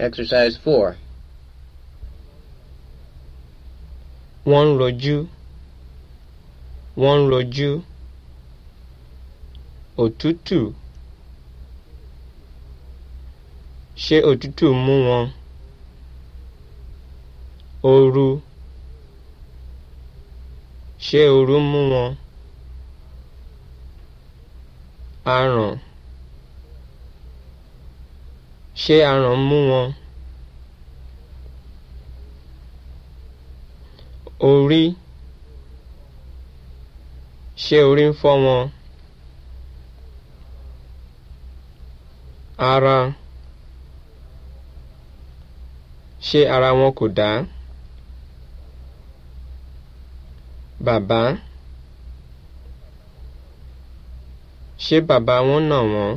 Exercise 4. 1 roju. 1 roju. Òtútù. Ṣé òtútù mú wọn? Ooru. Ṣé ooru mú wọn? Aràn. Ṣé aràn ń mú wọn? Orí? Ṣé orí ń fọ́ wọn? Ara? Ṣé ara wọn kò dá? Bàbá? Ṣé bàbá wọn nà wọ́n?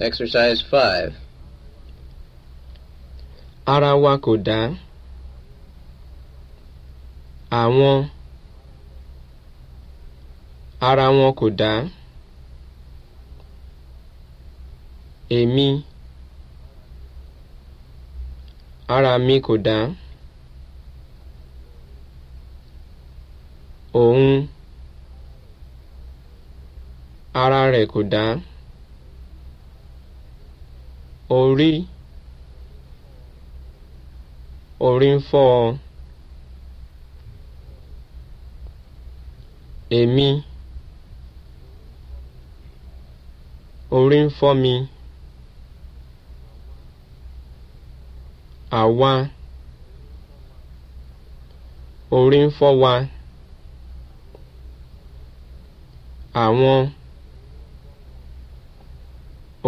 Exercise 5. Ara wa kò dá. Àwọn. Ara wọn kò dá. Èmi. Ara mi kò dá. Òun. Ara rẹ̀ kò dá. orí orí ń fọ́ ọ èmi orí ń fọ́ mi àwa orí ń fọ́ wa àwọn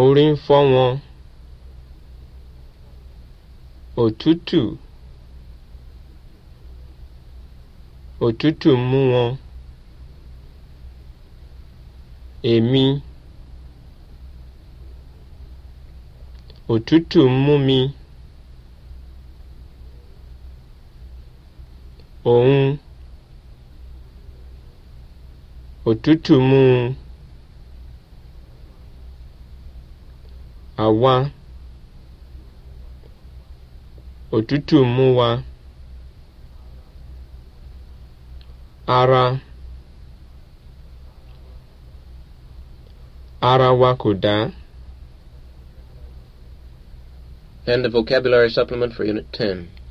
orí ń fọ́ wọn òtútù òtútù mú wọn èmi òtútù mú mi òun òtútù mú un àwa òtútù mú wa ara ara wa kò dá. End of vocabulary supplement for Unit 10.